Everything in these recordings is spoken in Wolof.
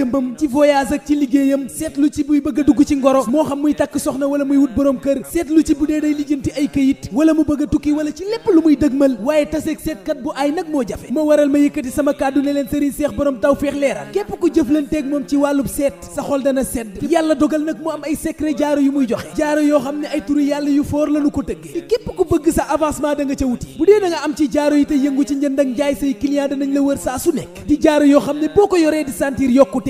jëmbam ci voyage ak ci liggéeyam seetlu ci buy bëgg dugg ci ngoro moo xam muy takk soxna wala muy wut borom kër seetlu ci bu dee day lijjanti ay këyit wala mu bëgg tukki wala ci lépp lu muy dëgmal waaye taseeg seetkat bu ay nag moo jafe ma waral ma yëkkati sama kàddu ne leen sëriñ seex borom taw feex leeral képp ku jëflanteeg moom ci wàllub seet sa xol dana sedd yàlla dogal nag mu am ay secret jaaro yu muy joxe jaaro yoo xam ne ay turu yàlla yu foor lanu ko tëggee képp ku bëgg sa avancement da nga wuti bu dee am ci jaaro yi te yëngu ci njënd ak njaay say client danañ la wër saa su nekk jaaro yoo xam ne boo ko yoree di sentir yokkute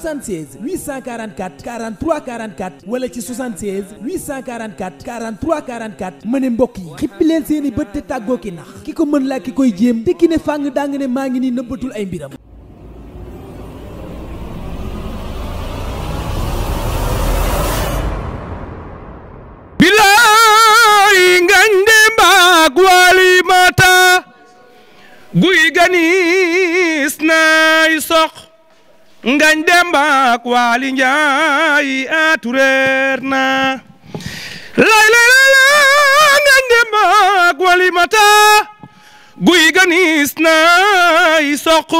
76 844 43 wala ci 76 844 43 44 ma ne mbokk yi xippi leen seeni bët te tàggoo nax ki ko mën laa ki koy jéem te ki ne fàng daa nga ne maa ngi nii nëbbatul ay mbiram. guy ganis nay sox ngañ demba ak waali njaay a tureer na lay lay lay ngañ demba ak waali mata guy ganis nay soq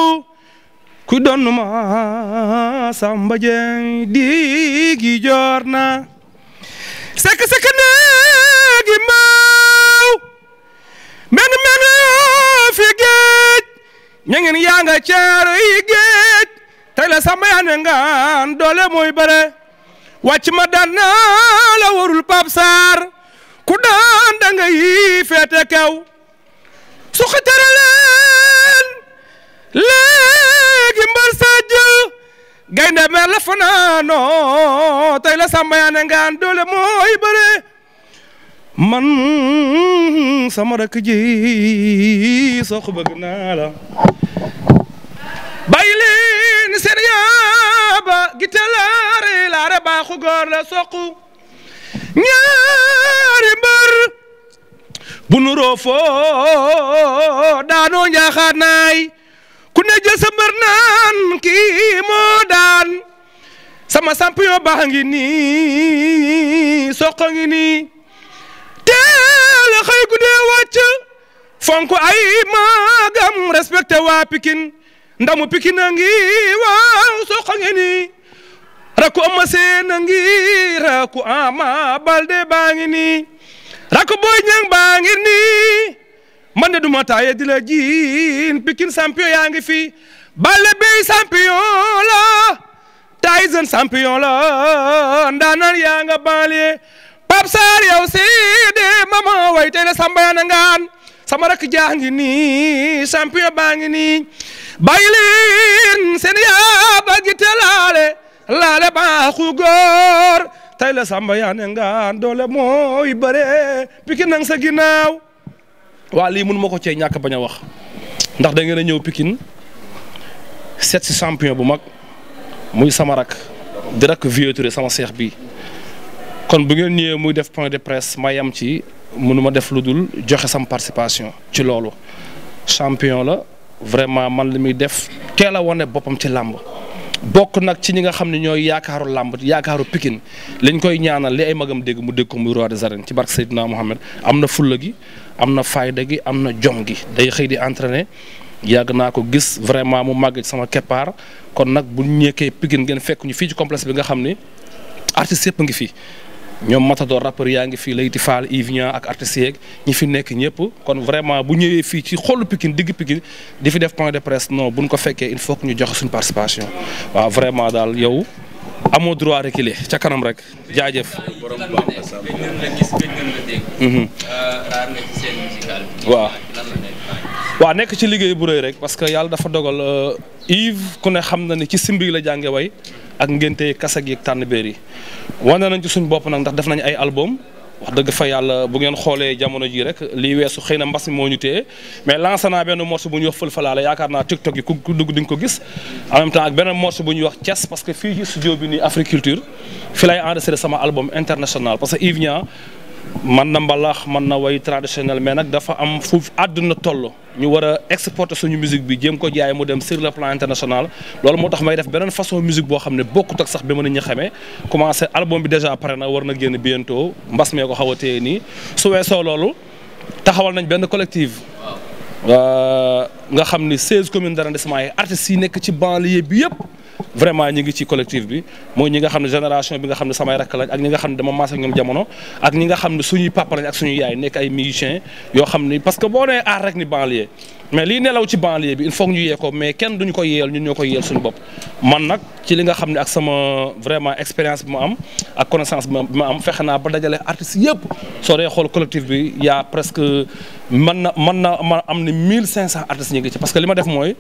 ku doon ma samba jeng digi joor na sekk sekk neegi maaw men men fi géej ña ngeen yaa nga caaro yi géej tey la sama yaane ngaan doole mooy bëre wàcc ma daan naa la warul ku daan da nga yi féete kaw su xëtëra leen léegi mbër sa jël la fanaanoo tey la sama yaane ngaan doole mooy bëre man sama rakk ji sox bëgg naa la bàyyi leen seen yaaba gite laare laare la soqu ñaari mbër bu nu roofoo daanoo njaaxaat naay ku ne jël sa naan kii moo daan sama champion baax ngi soq ngi teel a xëy guddee wàcc fonk ay maagam respecté waa Pikine ndamu mu na ngi waaw soqa nge ni rakku Eumeu Sène a ngi rakku Ama Baldé baa ngi nii rakku Boy duma taaye di la jiin Pikine champion yaa ngi fi Balla Bèye champion la Tyson champion la ndaanan yaa nga banlieue Pape Sarr yow seede mama way tey la sambayana ngaan sama rakk jaa ngi nii champion baa ngi nii bàyyi seen yaa ba gi te laale laale baaxu góor tey la samba yaa ngaan doole mooy bëre Pikine nang sa ginnaaw waa lii mun ma ko cee ñàkk bañ a wax ndax da a ñëw pikin seet si champion bu mag muy sama rak di rak Vieux Touré sama seex bi kon bu ngeen ñëwee muy def point de presse ma yam ci mënu def lu dul joxe sama participation ci loolu champion la vraiment man la muy def teel a boppam ci làmb bokk nag ci ñi nga xam ne ñooy yaakaaru làmb yaakaaru pikin lañ koy ñaanal li ay magam dégg mu dégg ko muy roi des arènes ci barke Seydina Mohamed am na fulla gi am na fayda gi am na jom gi day xëy di entraîner yàgg naa ko gis vraiment mu màgg ci sama keppaar kon nag bu ñekkee pikin ngeen fekk ñu fii ci complexe bi nga xam ni artistes yëpp a ngi fii ñoom Matador rappeur yaa ngi fii Leyti Fall Ivian ak artistes yeeg ñi fi nekk ñëpp kon vraiment bu ñëwee fii ci xolu pikin digg Pikine di fi def point de presse non buñ ko fekkee il faut que ñu joxe suñu participation waaw vraiment daal yow amoo droit reculer ca kanam rek jaajëf. Mhm. Euh, waaw. waaw nekk ci liggéey bu rëy rek parce que yàlla dafa dogal euh, Yves ku ne xam na ni ci simbi la jànge way ak ngénte kasak yi ak tànn béer yi wane nañ ci suñ bopp nag ndax def nañ ay album wax dëgg fa yàlla bu ngeen xoolee jamono ji rek lii weesu xëy na mbas mi moo ñu téye mais lancé naa benn morceau bu ñuy wax fël-falaale yaakaar naa TikTok yi ku dugg di ko gis en même temps ak wax Thiès parce que fii ci studio bi nii Africulture fi lay enregistré sama album international parce que Yves man na mbalax man na way traditionnel mais nag dafa am fu àdduna toll ñu war a exporter suñu musique bi jéem ko jaay mu dem sur le plan international loolu moo tax may def beneen façon musique boo xam ne bokkut ak sax bi ma nit ñi xamee commencé album bi déjà pare na war na génn bientôt mbas mee ko xaw a téye nii su weesoo loolu taxawal nañ benn collective Euh, nga xam ni 16 communes d'arrondissement yi artistes yi nekk ci banlieue bi yëpp vraiment ñi ngi ci collectif bi mooy ñi nga xam ne génération bi nga xam ne samay rakk lañ ak ñi nga xam ne dama maas ñoom jamono ak ñi nga xam ne suñuy papa ak suñuy yaay nekk ay musiciens yoo xam ni parce que boo nee aar rek ni banlieue mais lii nelaw ci banlieue bi il faut ñu yee ko mais kenn duñu ko yeel ñun bopp man nag ci li nga xam ne ak sama vraiment expérience bi ma am ak connaissance bi ma am ne 1500 artistes ngi ci parce que li ma def mooy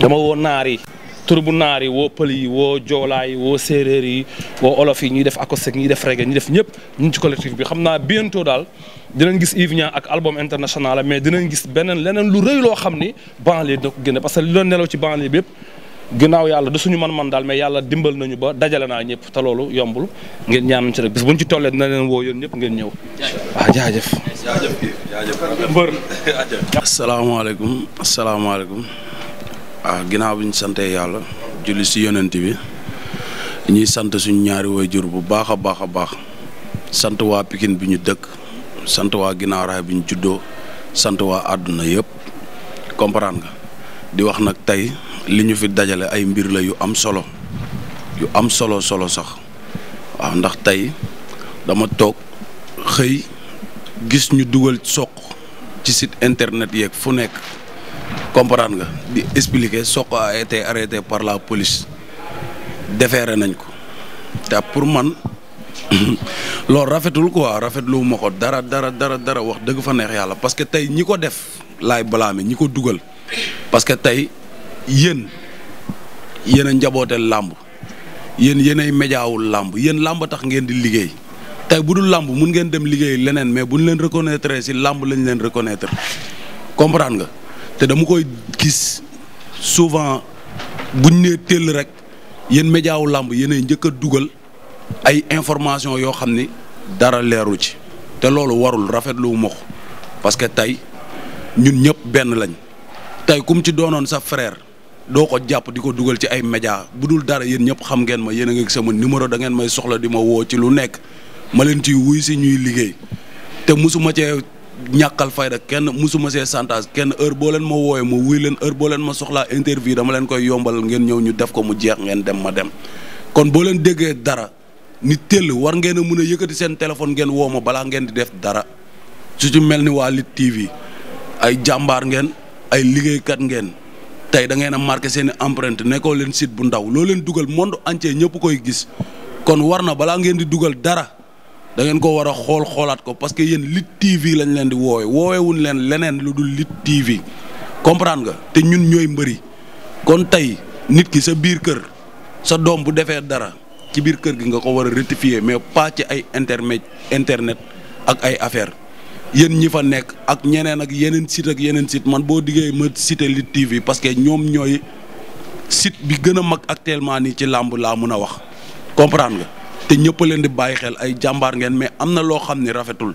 dama woo naar yi tur bu naar woo pël yi woo joolaa yi woo séeréer yi woo olof yi ñuy def acoustique ñuy def reggae ñuy def ñëpp ñu ci bi xam naa bientôt daal dinañ gis Yves Niang ak album international mais dinañ gis beneen leneen lu rëy loo xam ni banlieue dina ko génne parce que li doon nelaw ci banlieue bi yëpp ginnaaw yàlla du suñu man-man daal mais yàlla dimbal nañu ba dajale naa ñëpp te loolu yombul ngeen ñaan ci rek bis ci tollee dina leen woo yéen ñëpp ngeen ñëw. waaw ah, ginnaaw bi ñu sante yàlla. julli si yonent bi. ñuy sant suñu ñaari woy waajur bu baax a baax a baax. sant waa Pikine bi ñu dëkk. sant waa ginnaaw raay bi ñu juddoo. sant waa àdduna yëpp. comprendre nga. di wax nag tey li ñu fi dajale ay mbir la yu am solo yu am solo solo sax waaw ndax tey dama toog xëy gis ñu dugal soq ci sit internet yeeg fu nekk comprendre nga di expliquer soq a été par la police déféré nañ ko te pour man loolu rafetul quoi rafetlu ma ko dara dara dara dara wax dëgg fa neex yàlla parce que tey ñi ko def laay balaame ñi ko dugal. parce que tey yéen yéen a làmb yéen yéenay médiaawul làmb yéen làmb tax ngeen di liggéey tey bu du làmb mun ngeen dem liggéey leneen mais bu ñu leen reconnaître si làmb lañ leen reconnaître comprendre nga te dama koy gis souvent buñ nee teel rek yéen médiawu làmb yéenay njëkk a dugal ay information yoo xam ni dara leeru ci te loolu warul rafetlu wu ma ko parce que tey ñun ñëpp benn lañ. tey kum ci doonoon sa frère doo ko jàpp di ko dugal ci ay média bu dul dara yéen ñëpp xam ngeen ma yéen a ngi sama numéro da ngeen may soxla di ma woo ci lu nekk ma leen ciy wuy si ñuy liggéey te musuma cee ñàkkal fayda kenn musuma see santage kenn heure boo leen ma wooyee ma wuy leen heure boo leen ma soxlaa interview dama leen koy yombal ngeen ñëw ñu def ko mu jeex ngeen dem ma dem kon boo leen déggee dara ni tell war ngeen a mën a yëkkati seen téléphone ngeen woo ma balaa ngeen di def dara mel ni waa ngeen ay liggéeykat ngeen tey da ngeen a marqué seen i nekkoo leen site bu ndaw loo leen dugal monde entier ñëpp koy gis kon war na balaa ngeen di dugal dara da ngeen ko war a xool xoolaat ko parce que yéen Lutte TV lañ leen di woowe woowewuñ leen leneen lu dul Lutte TV comprendre nga te ñun ñooy mbëri kon tey nit ki sa biir kër sa doom bu defee dara ci biir kër gi nga ko war a rectifier mais pas ci ay internet internet ak ay affaire yéen ñi fa nekk ak ñeneen ak yeneen site ak yeneen site man boo diggee ma cité Lutte TV parce que ñoom ñooy sit bi gën a mag actuellement nii ci làmb laa mën a wax comprendre nga te ñëpp leen di bàyyi xel ay jàmbaar ngeen mais am na loo xam ni rafetul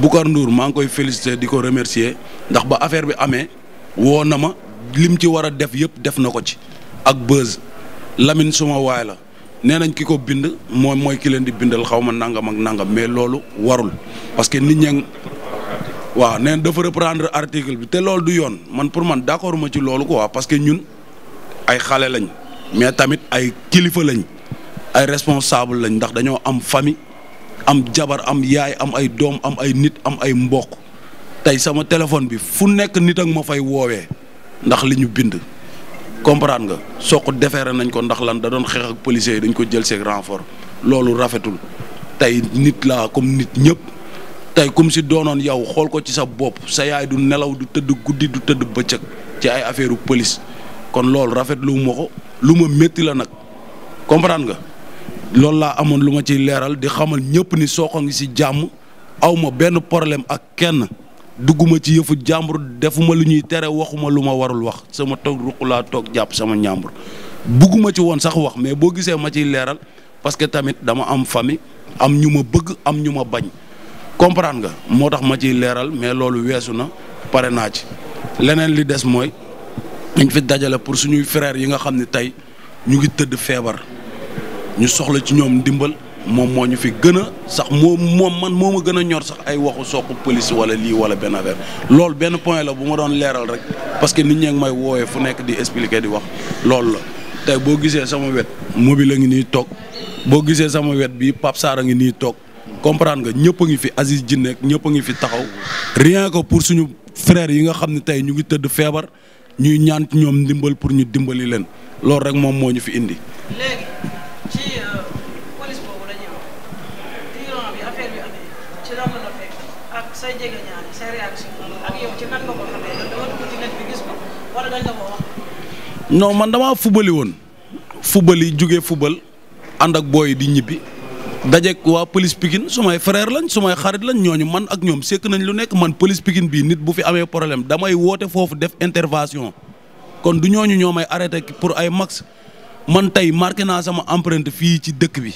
Boucar Ndour maa ngi koy féliciter di ko remercier ndax ba affaire bi amee woo na ma lim ci war a def yëpp def na ko ci ak Beuz Lamine suma waay la nee nañ ki ko bind moom mooy ki leen di bindal xaw ma nangam ak nangam mais loolu warul parce que nit ñeng waaw neen dafa reprendre article bi te loolu du yoon man pour man d'accord ma ci loolu quoi parce que ñun ay xale lañ mais tamit ay kilifa lañ ay responsable lañ ndax dañoo am famille am jabar am yaay am ay doom am ay nit am ay mbokk tey sama téléphone bi fu nekk nit ak ma fay woowee ndax li ñu bind comprendre nga soq defeere nañ ko ndax lan da doon xeex ak policiers dañ ko jël seeg renfort loolu rafetul tey nit la comme nit ñëpp tey comme si doonoon yow xool ko ci sa bopp sa yaay du nelaw du tëdd guddi du tëdd bëccëg ci ay affaire police kon loolu rafetlu ma ko lu ma métti la nag comprendre nga loolu laa amoon lu ma ciy leeral di xamal ñëpp ni soq a ngi si jàmm aw ma benn problème ak kenn. dugguma ci yëfu jàmbur defuma lu ñuy tere waxuma lu ma warul wax sama toog ruq laa toog jàpp sama njàmbur bugguma ci woon sax wax mais boo gisee ma ciy leeral parce que tamit dama am famille am ñu ma bëgg am ñu ma bañ comprendre nga moo tax ma ciy leeral mais loolu weesu na pare naa ci leneen li des mooy dañ fi dajale pour suñuy frères yi nga xam ne tey ñu ngi tëdd feebar ñu soxla ci ñoom ndimbal moom moo ñu fi gën a sax moom moom man moo ma gën a ñor sax ay waxu soq police wala lii wala benn affaire lool benn point la bu ma doon leeral rek parce que nit ñee ngi may woowee fu nekk di expliquer di wax loolu la tey boo gisee sama wet mobile la ngi nii toog boo gisee sama wet bi Pape Sarr a ngi nii toog comprendre nga ñëpp a ngi fi Aziz Dji nekk ñëpp a ngi fi taxaw rien ko pour suñu frères yi nga xam ne tey ñu ngi tëdd feebar ñuy ñaan ñoom ndimbal pour ñu dimbali leen loolu rek moom moo ñu fi indi. ci man dama fubali woon fubali jugee fubal ànd ak booy di ñibbi dajeeg waa police Pikine sumay frère lañ may xarit lañ ñooñu man ak ñoom sekk nañ lu nekk man police Pikine bii nit bu fi amee problème damay woote foofu def intervention kon du ñooñu ñoo may arrêté pour ay max man tey marqué naa sama empreinte fii ci dëkk bi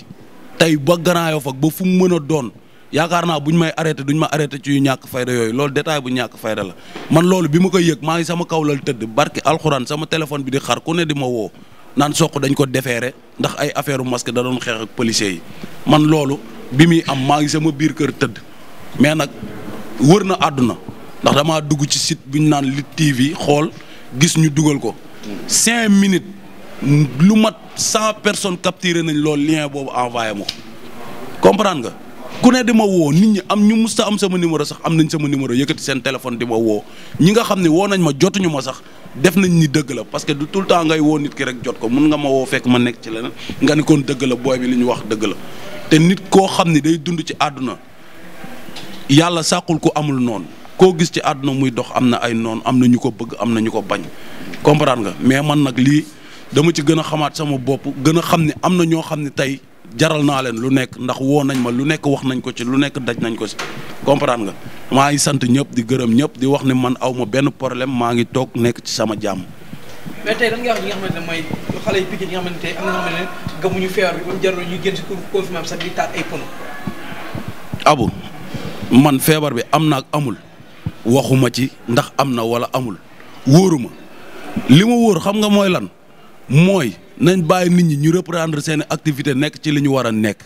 tey ba Grand Yoff ak ba fu mu mën doon. yaakaar naa bu ñu may arrêté duñ ma arrêté ci yu ñàkk fayda yooyu loolu détail bu ñàkk fayda la man loolu bi ma ko yëg maa ngi sama kaw kawlal tëdd barki alxuraan sama téléphone bi di xar ku ne di ma woo naan soq dañ ko defeere ndax ay affaire u masque da doon xeex ak policiers yi man loolu bi muy am maa ngi sama biir kër tëdd mais nag wër na àdduna ndax damaa dugg ci site bu ñu naan Lutte TV xool gis ñu dugal ko cinq minutes lu mat cent personnes capturé nañ loolu lien boobu envoyé ma ko nga ku ne di ma woo nit ñi am ñu musta am sama numéro sax am nañ sama numéro yëkkati seen téléphone di ma woo ñi nga xam ne woo nañ ma jotuñu ma sax def nañ ni dëgg la parce que du tout le temps ngay woo nit ki rek jot ko mun nga ma woo fekk ma nekk ci leneen nga ni kon dëgg la booy bi li ñu wax dëgg la te nit koo xam ne day dund ci àdduna yàlla sàqul ko amul noon koo gis ci àdduna muy dox am na ay noon am na ñu ko bëgg am na ñu ko bañ comprendre nga mais man nag lii dama ci gën a xamaat sama bopp gën a xam ne am na ñoo xam ne tey jaral naa leen lu nekk ndax woo nañ ma lu nekk wax nañ ko ci lu nekk daj nañ ko ci comprendre nga maa ngi sant ñëpp di gërëm ñëpp di wax ne man aw ma benn problème maa ngi toog nekk ci sama jàmm. mais tey lan xale yu picc yi nga xam ne gëmuñu feebar bi man feebar bi am na ak amul waxuma ci ndax am na walla amul wóoruma li ma wóor xam nga mooy lan mooy. nañ bàyyi nit ñi ñu reprendre seen activité nekk ci li ñu war a nekk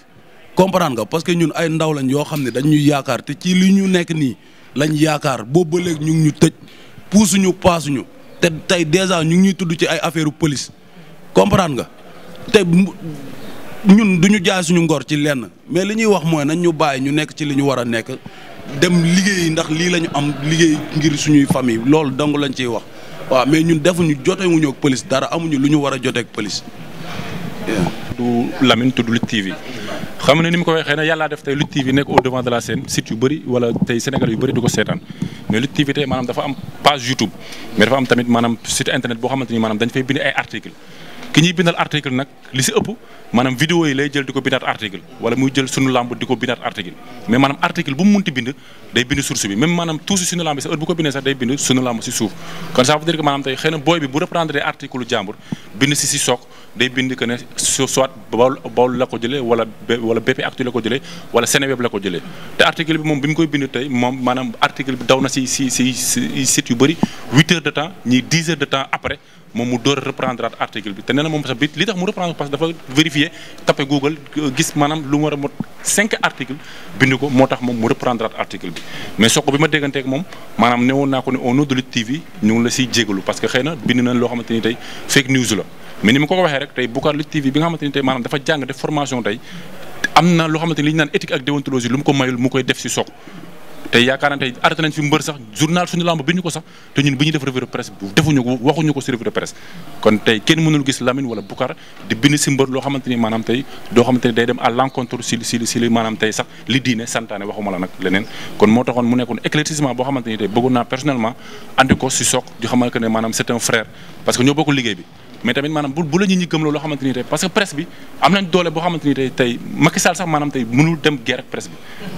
comprendre nga parce que ñun ay ndaw lañ yoo xam ne dañ yaakaar te ci li ñu nekk nii lañ yaakaar boobu ba léegi ñu ngi ñu tëj puusuñu paasuñu te tey dèjà ñu ngi ñuy tudd ci ay affaire police comprendre nga te ñun du ñu jaay suñu ngor ci lenn mais li ñuy wax mooy nañ ñu bàyyi ñu nekk ci li ñu war a nekk dem liggéey ndax lii la ñu am liggéey ngir suñuy famille loolu dong lañ ciy wax. waaw mais ñun defuñu jotewuñu ak police dara amuñu lu ñu war a jotee ak police. du Lamine tudd Lutte TV xam ne ni mu ko waxee ne def tey Lutte TV nekk au devant de la scène site yu bëri wala tey Sénégal yu bëri du ko seetaan mais Lutte TV tey maanaam dafa am page YouTube mais dafa am tamit maanaam site internet boo xamante ni maanaam dañ fay bind ay articles. ki ñuy bindal article nag li si ëpp maanaam vidéo yi lay jël di ko bindaat article wala muy jël sunu lamb di ko bindaat article mais maanaam article bu mu munti bind day bind source bi même maanaam tuuti sunu lamb bi sa heure bu ko bindee sax day bind si suuf kon ça veut dire que maanaam tey xëy booy bi bu reprendre article lu jàmbur bind si si soog day bind que ne soit Baol Baol la ko jëlee wala wala BP Actu la ko jëlee wala Seneweb la ko jëlee te article bi moom bi mu koy bind tey moom maanaam article bi daw na si si si si site yu moom mu door reprendre at article bi te nee na moom sax bi li tax mu reprendre parce que dafa vérifier tapé Google euh, gis maanaam lu mu war a cinq article bind ko moo tax moom mu reprendre at article bi mais soq bi ma dégganteeg moom maanaam newoon naa ko ne au nom de Lutte TV ñu la siy jégalu parce que xëy na bind nañ loo xamante ni tey fake news la mais ni ma ko waxee rek tey Boucar Lutte TV bi nga xamante ni tey maanaam dafa jàng def formation am na loo xamante ni tey yaakaar naa tey arrêté nañ fi mbër sax journal suñu lamb bi ñu ko sax te ñun bi ñuy def revue de presse defuñu ko waxuñu ko si revue de presse kon tey kenn mënul gis Lamine wala Boucar di bind si mbër loo xamante ni tey li diine santaane waxuma la leneen kon moo taxoon mu nekkoon éclaircissement boo xamante ni tey bëggoon naa personnellement andi si soog di xamal que ne maanaam parce que ñoo bokk liggéey bi mais tamit maanaam bu la nit ñi gëmloo loo xamante ni parce que presse bi am nañ doole boo xamante ni tey sax maanaam tey mënul dem guerre ak bi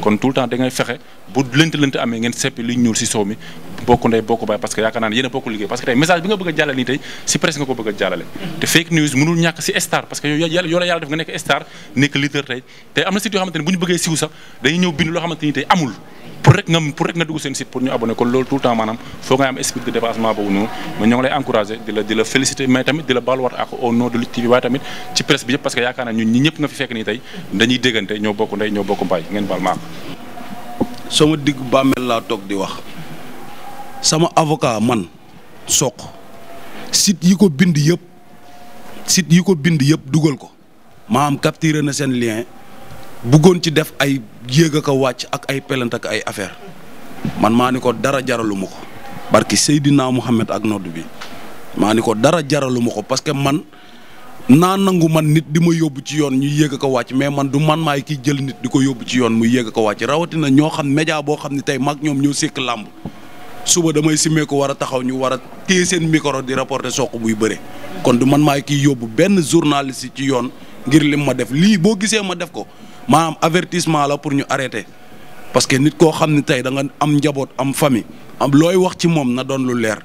kon tout temps da fexe bu lënt lënt amee ngeen seppi li ñuul si soow mi bokku ndey bokku baay parce que yaakaar naa ne yéen a bokku liggéey parce que tey message bi nga bëgg a jàllale nii tey si presse nga ko bëgg a jàllale te fake news mënul ñàkk si star parce que yow yoo la yàlla pour rek nga pour rek nga dugg seen site pour ñu abonné kon loolu tout le temps maanaam foog nga am esprit de dépassement boobu noonu mais ñoo ngi lay encouragé di la félicité mais tamit di la baaluwaat ak au nom de Lutte TV waaye tamit ci presse bi parce que yaakaar naa ñun ñëpp nga fi fekk nii tey dañuy déggante ñoo bokk ndey ñoo bokk mbaay ngeen baal maa sama digg bàmmeel laa toog di wax sama avocat man Sokh site yi ko bind yëpp site yi ko bind yëpp dugal ko maam capturé na seen lien buggoon ci def ay yéeg ak a wàcc ak ay pelent ak ay affaire man maa ni ko dara jaraluma ko barki Seydina Muhammad ak nodd bi maa ni ko dara jaraluma ko parce que man naa nangu man nit di ma yóbbu ci yoon ñu yéeg ko wàcc mais man du man maay kii jël nit di ko yóbbu ci yoon mu yéeg ko wàcc rawatina ñoo xam média boo xam ni tey mag ñoom ñoo sékk làmb suba damay simmee ko war a taxaw ñu war a téye seen micro di rapporter soq buy bëre kon du man maay kii yóbbu benn journaliste ci yoon ngir lim ma def lii boo gisee ma def ko maanaam avertissement la pour ñu arrêter parce que nit koo xam ne tey da nga am njaboot am famille am looy wax ci moom na doon lu leer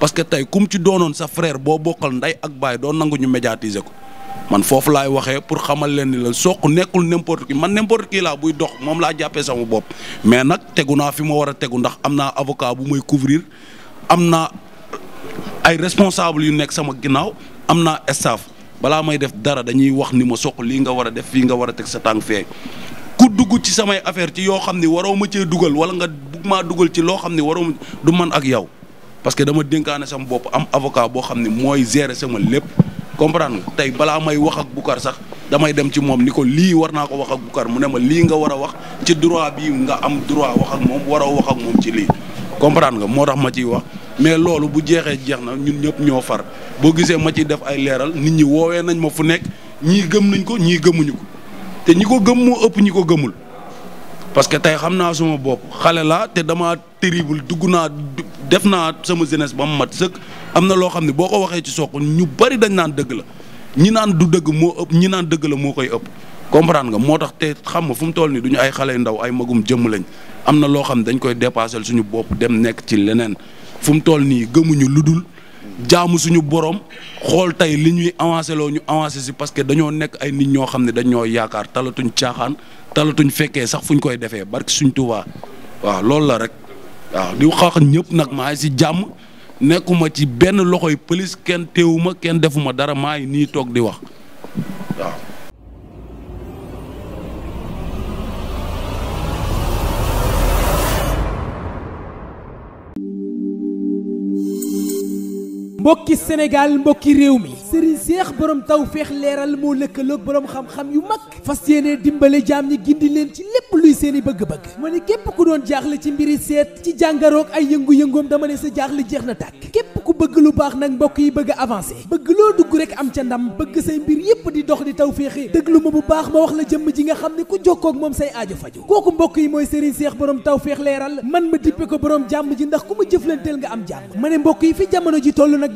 parce que tey kum ci doonoon sa fraire boo bokkal ndey ak baay doo nangu ñu médiatiser ko man foofu laay waxee pour xamal leen ni la Sokh nekkul n'importe qui man n'importe qui laa buy dox moom laa jàppee sama bopp mais nag tegu naa fi ma war a tegu ndax am naa avocat bu may couvrir am na ay responsable yu nekk sama ginnaaw am naa staff balaa may def dara dañuy wax ni ma soq lii nga war a def fii nga war a teg sa tànk fee ku dugg ci samay affaire ci yoo xam ne waroo ma cee dugal wala nga bugg maa dugal ci loo xam ne waroo du man ak yow parce que dama dénkaane sama bopp am avocat boo xam ni mooy gérer sama lépp comprendre nga tey balaa may wax ak Boucar sax damay dem ci moom ni ko lii war naa ko wax ak Boucar mu ne ma lii nga war a wax ci droit bi nga am droit wax ak moom waroo wax ak ci lii comprendre nga moo tax ma ciy wax mais loolu bu jeexee jeex na ñun ñëpp ñoo far boo gisee ma ciy def ay leeral nit ñi woowee nañ ma fu nekk ñii gëm nañ ko ñii gëmuñu ko te ñi ko gëm moo ëpp ñi ko gëmul parce que tey xam naa suma bopp xale laa te dama terrible dugg naa def naa sama jeunesse ba mu mat sëkk am na loo xam ne boo ko waxee ci soq ñu bari dañ naan dëgg la ñi naan du dëgg moo ëpp ñi naan dëgg la moo koy ëpp comprendre nga moo tax te xam nga fu mu toll nii duñu ay xale yu ndaw ay magum jëmm lañ am na loo xam ne dañ koy dépasser suñu bopp dem nekk ci leneen fu mu toll nii gëmuñu lu dul jàmm suñu borom xool tey li ñuy avancé loo ñu avancé si parce que dañoo nekk ay nit ñoo xam ne dañoo yaakaar talatuñ caaxaan talatuñu fekkee sax fuñ koy defee barki suñ Tuubaa waaw loolu la rek waaw di wax ñëpp nag maa si jàmm nekkuma ci benn loxoy pëlis kenn teewuma kenn defuma dara maa ngi nii toog di wax waaw. mbokki Sénégal mbokki réew mi sëriñ seex borom taw feex leeral moo lëkkaloog borom xam-xam yu mag fas yéene dimbale jaam ñi gindi leen ci lépp luy seeni bëgg-bëgg ma ne képp ku doon jaaxle ci mbiri seet ci jàngaroog ay yëngu-yëngoom dama ne sa jaaxle jeex na tàkk képp ku bëgg lu baax nag mbokk yi bëgg a bëgg loo dugg rek am ca ndam bëgg say mbir yépp di dox di taw féexe déglu ma bu baax ma wax la jëmm ji nga xam ne ku jokkoo ak moom say aajo faj kooku mbokk yi mooy sëriñ seex borom taw feex leeral man ma dippe ko borom jàmm ji ndax ku ma jëflanteel nga am mbokk yi fi jamono ji toll nag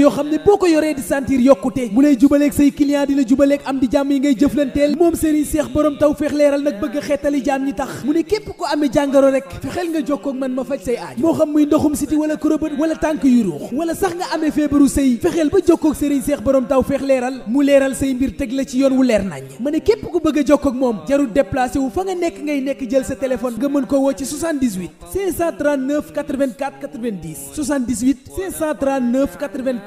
yoo xam ne boo ko yoree di sentir yokkute mu lay jubaleeg say client di la jubaleeg am di jàmm yi ngay jëflanteel moom Serigne Cheikh borom taw feex leeral nag bëgg a xeetali jaam ñi tax mu ne képp ko amee jàngoro rek fexeel nga jokkoo man ma faj say aaj moo xam muy ndoxum siti wala kurobët wala tànk yu ruux wala sax nga amee feebaru sëy fexeel ba jokkoo ak seex Cheikh borom taw feex leeral mu leeral say mbir teg la ci yoon wu leer nañ ma ne képp ku bëgg a jokkoo moom jarul déplacé wu fa nga nekk ngay nekk jël sa téléphone nga mën ko woo ci 78 539